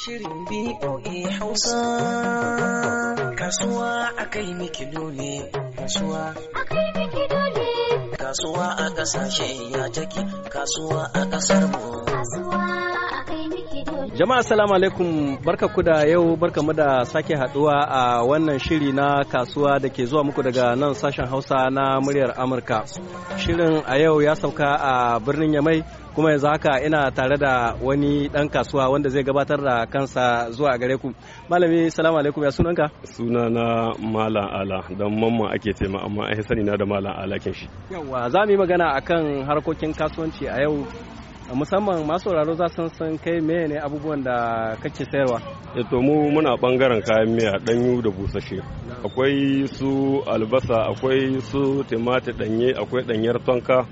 Shirin BOA Hausa. Kasuwa a kai miki dole, Kasuwa a kai Kasuwa a kasashe ya take. Kasuwa a kasar mu. Kasuwa Jama'a salamu alaikum barka ku da yau barka mu da sake haduwa a wannan shiri na kasuwa da ke zuwa muku daga nan sashen Hausa na muryar Amurka. Shirin a yau ya sauka a birnin Yamai kuma yanzu haka ina tare da wani dan kasuwa wanda zai gabatar da kansa zuwa gare ku. Malami salamu alaikum ya sunanka? suna na Malam Ala dan mamman ake tema amma ai sani na da Malam Ala kin shi. yawa za mu yi magana akan harkokin kasuwanci a yau musamman masu sauraro za san san kai meye ne abubuwan da kake sayarwa eto eh, mu muna bangaren kayan miya danyu da busashe akwai su albasa akwai su timati danye akwai danyar tonka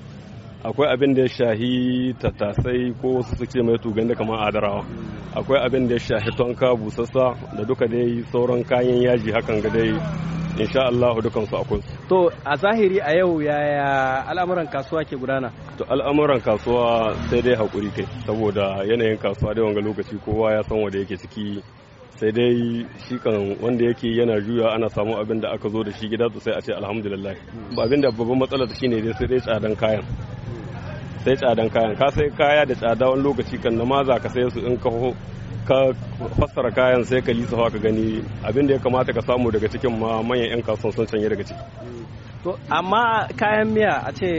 akwai abin da ya shahi tatasai ko wasu suke mai tugan da kamar adarawa akwai abin da ya shahi tonka busassa da duka dai sauran kayan yaji hakan ga dai insha Allah dukan su akwai to a zahiri a yau yaya al'amuran kasuwa ke gudana to al'amuran kasuwa sai dai hakuri kai saboda yanayin kasuwa da wanga lokaci kowa ya san wanda yake ciki sai dai shi kan wanda yake yana juya ana samu abin da aka zo da shi gida to sai a ce alhamdulillah abin da babban matsala shine dai sai dai tsadan kayan sai tsadan kayan ka sai kaya da tsada wani lokaci kan na maza ka sai su in ka ka fassara kayan sai ka lisa ka gani abin da ya kamata ka samu daga cikin ma manyan 'yan kasuwan sun canye daga ciki to amma kayan miya a ce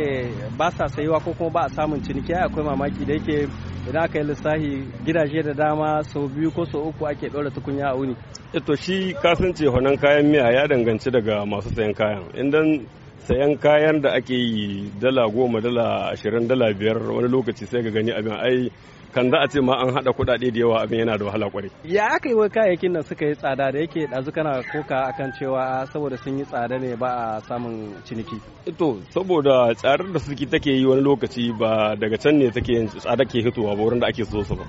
ba sa sayuwa ko kuma ba a samun ciniki akwai mamaki da yake idan aka yi lissafi gidaje da dama sau biyu ko sau uku ake ɗaura tukunya a wuni eh to shi kasance honan kayan miya ya danganci daga masu sayan kayan idan sayan kayan da ake yi dala goma dala ashirin dala biyar wani lokaci sai ga gani abin ai kan za a ce ma an haɗa kuɗaɗe da yawa abin yana da wahala kwarai. Ya aka yi wa kayayyakin da suka yi tsada da yake dazu kana koka akan cewa saboda sun yi tsada ne ba a samun ciniki. To saboda tsadar da suke take yi wani lokaci ba daga can ne take yin tsada ke hitowa ba wurin da ake so su ba.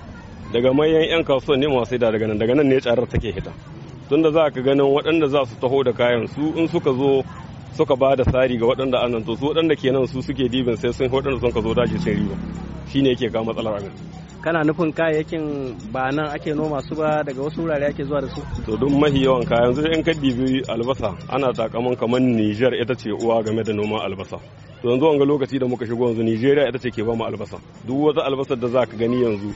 Daga manyan 'yan kasuwan ne masu da daga nan daga nan ne tsadar take hita. Tunda za ka ganin waɗanda za su taho da kayan su in suka zo suka ba da tsari ga waɗanda anan to su waɗanda kenan su suke dibin sai sun waɗanda sun ka zo daji sun riba shine yake kawo matsalar abin. kana nufin kayayyakin ba nan ake noma su ba daga wasu wurare ake zuwa da su to duk mahi yawan kaya yanzu in ka dibi albasa ana takaman kamar Niger ita ce uwa game da noma albasa to yanzu wanga lokaci da muka shigo yanzu Nigeria ita ce ke ba mu albasa duk wata albasa da za ka gani yanzu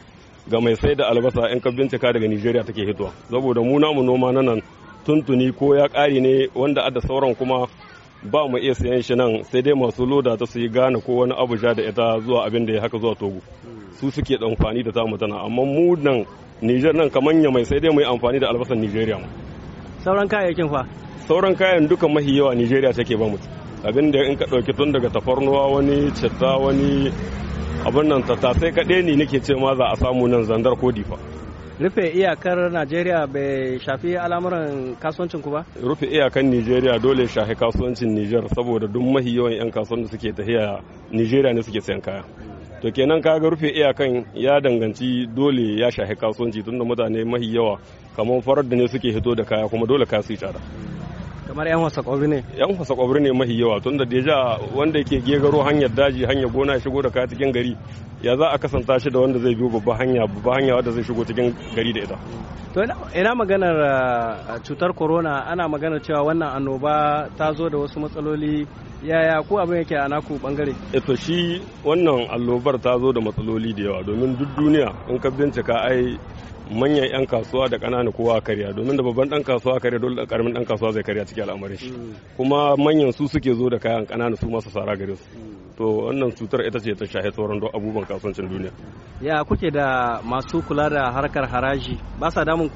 ga mai sai da albasa in ka bincika daga Nigeria take hitowa saboda mu namu noma na nan tuntuni ko ya ƙare ne wanda adda sauran kuma ba mu iya sayan shi nan sai dai masu loda ta su yi gane ko wani abuja da ita zuwa abin da ya haka zuwa togo su suke da amfani da zamu tana amma mu nan Niger nan kamar ya mai sai dai mu yi amfani da albasan Nigeria mu sauran kayayyakin fa sauran kayan duka mahi yawa Nigeria take ba mu abin da in ka dauki tun daga tafarnuwa wani citta wani abin nan ta sai kaɗai ne nake ce ma za a samu nan zandar ko difa rufe iyakar najeriya bai shafi al'amuran kasuwancin ku ba rufe iyakan najeriya dole shafi kasuwancin niger saboda duk mahi yawan 'yan kasuwan da suke tafiya nigeria ne suke sayan kaya to kenan kaga rufe iyakan ya danganci dole ya shahi kasuwanci tunda mutane mahi yawa kamar farar da ne suke hito da kaya kuma dole kaya su yi tsada kamar yan wasa kwabri ne yan wasa kwabri ne mahi yawa tun da deja wanda yake gegaro hanyar daji hanyar gona shigo da kaya cikin gari ya za a kasanta shi da wanda zai biyo babba hanya babba hanya wanda zai shigo cikin gari da ita to ina maganar ah, ah, cutar corona ana maganar cewa wannan annoba ta zo da wasu matsaloli yaya ko abin yake a naku bangare eh, to shi wannan allobar ta zo da matsaloli da yawa domin duk duniya in ka bincika ai manyan 'yan kasuwa da ƙananan kowa a karya domin da babban ɗan kasuwa a karya dole da ƙaramin ɗan kasuwa zai karya cikin al'amarin shi mm. kuma manyan su suke zo da kayan ƙananan su masu sara gare su mm. to wannan cutar ita ce ta shahe sauran don abubuwan kasuwancin duniya ya kuke da masu kula da harkar haraji ba sa damun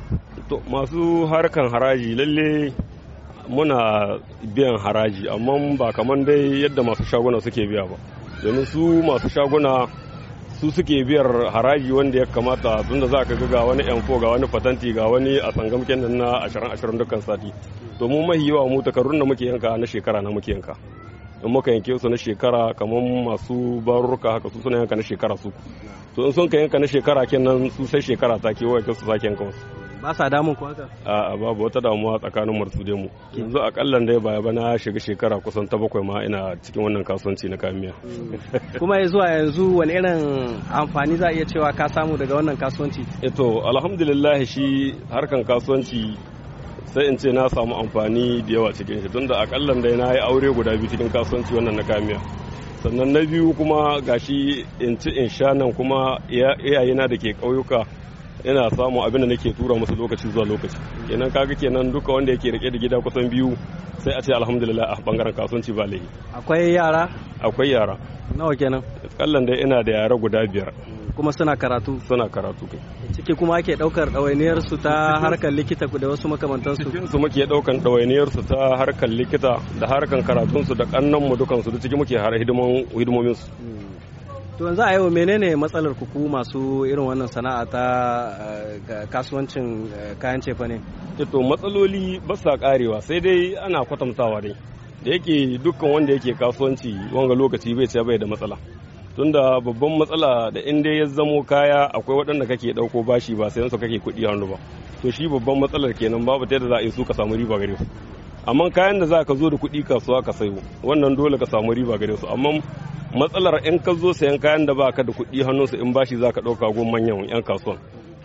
to masu harkar haraji lalle muna biyan haraji amma ba kamar dai yadda masu shaguna suke biya ba domin su masu shaguna su suke biyar haraji wanda ya kamata tunda za ka ga wani M ga wani fatanti ga wani a sangamken nan na ashirin ashirin dukkan sati to mu mahi yawa mu takarun da muke yanka na shekara na muke yanka in muka yanke su na shekara kamar masu barurruka haka su suna yanka na shekara su to in sun ka yanka na shekara kenan su sai shekara ta kewaye su sake yanka wasu ba sa damun ku haka a'a babu wata damuwa tsakanin mu da mu yanzu akallan dai baya bana shiga shekara kusan ta bakwai ma ina cikin wannan kasuwanci na kamiya hmm. kuma zuwa yanzu wani irin amfani za a iya cewa ka samu daga wannan kasuwanci eh to alhamdulillah shi harkan kasuwanci sai in ce na samu amfani da yawa cikin shi tunda akallan dai na yi aure guda biyu cikin kasuwanci wannan na kamiya sannan na biyu kuma gashi in ci in sha nan kuma iyayena da ke ƙauyuka ina samu abin da nake tura musu lokaci zuwa lokaci kenan kaga kenan duka wanda yake rike da gida kusan biyu sai a ce alhamdulillah a bangaren kasuwanci ba laifi akwai yara akwai yara nawa kenan kallan dai ina da yara guda biyar kuma suna karatu suna karatu kai ciki kuma ake daukar dawainiyar su ta harkar likita da wasu makamantan su cikin su muke daukan dawainiyar su ta harkar likita da harkar karatun su da kannan mu dukan su da ciki muke har hidimomin su to yanzu a yau menene matsalar kuku masu irin wannan sana'a ta eh, kasuwancin eh, kayan cefa ne eh, to matsaloli ba sa karewa sai dai ana kwatantawa dai da yake dukkan wanda yake kasuwanci wanga lokaci bai ce bai da matsala tunda babban matsala da in dai ya zamo kaya akwai waɗanda kake ɗauko bashi ba sai su kake kuɗi hannu ba to shi babban matsalar kenan babu ta yadda za a yi su ka samu riba gare ku amma kayan da za ka zo da kuɗi kasuwa ka sayo wannan dole ka samu riba gare su amma matsalar in ka zo sayan kayan da baka da kuɗi hannunsu in bashi za ka ɗauka gun manyan 'yan kasuwa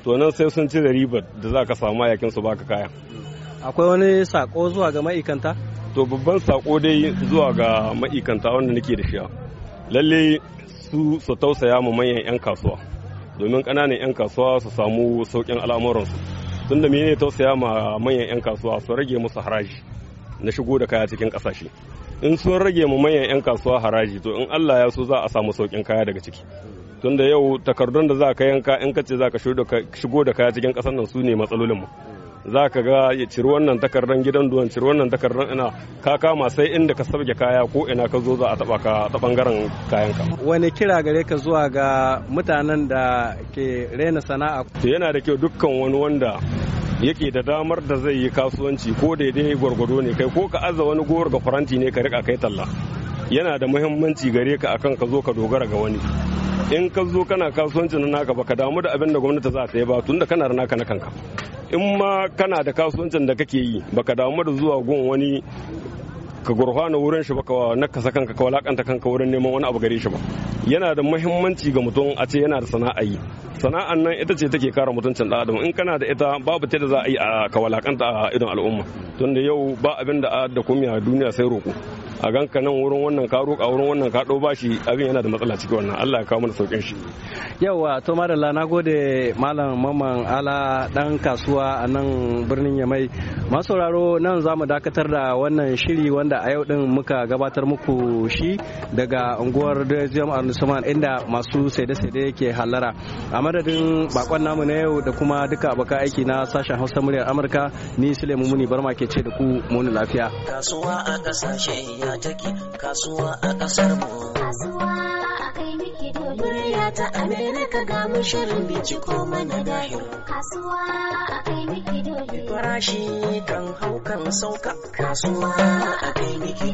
to nan sai sun da ribar da za ka samu yakin su baka kaya akwai wani sako zuwa ga ma'aikanta to babban sako dai zuwa ga ma'aikanta wanda nake da shi lalle su su tausaya mu manyan 'yan kasuwa domin ƙananan 'yan kasuwa su samu sauƙin al'amuransu tunda mene tausaya ma manyan 'yan kasuwa su rage musu haraji na shigo da kaya cikin kasashe in sun rage mu manyan 'yan kasuwa haraji to in allah ya so za a samu sauƙin kaya daga ciki Tun da yau takardun da za ka yanka in kace za ka shigo da kaya cikin ƙasar nan su ne matsalolin mu za ka ga ya ciri wannan takardar gidan duwan ciri wannan takardar ina ka kama sai inda ka sabge kaya ko ina ka zo za a taba ka ta bangaren kayanka wani kira gare ka zuwa ga mutanen da ke rena sana'a to yana da kyau dukkan wani wanda yake da damar da zai yi kasuwanci ko daidai gwargwado ne kai ko ka aza wani gowar ga faranti ne ka rika kai talla yana da muhimmanci gare ka akan ka zo ka dogara ga wani in ka zo kana kasuwanci na naka baka damu da abin da gwamnati za ta yi ba tunda kana da naka na kanka in ma kana da kasuwancin da kake yi baka damu da zuwa gun wani ka gurfana wurin shi ba ka nakasa kanka ka walakanta kanka wurin neman wani abu gare shi ba yana da muhimmanci ga mutum a ce yana da sana'a yi sana'an nan ita ce take kara mutuncin da adam in kana da ita babu ta da za a yi a ka walakanta a idon al'umma tunda yau ba abin da da kumiya duniya sai roko. a ganka nan wurin wannan ka roƙa wurin wannan ka ɗau bashi abin yana da matsala cikin wannan Allah ya kawo mana saukin shi yawa to madalla na gode malam maman ala dan kasuwa a nan birnin yamai masu sauraro nan za mu dakatar da wannan shiri wanda a yau din muka gabatar muku shi daga unguwar Dajiyam Arnusuman inda masu saide-saide ke hallara a madadin bakon namu na yau da kuma duka abokan aiki na sashen Hausa muryar Amurka ni Sulaimu Muni Barma ke ce da ku muni lafiya kasuwa a kasashe ya take kasuwa a kasar mu kasuwa murya ta amerika ga mu shirin binciko mana dahir kasuwa a kai miki farashi kan haukan sauka kasuwa a kai miki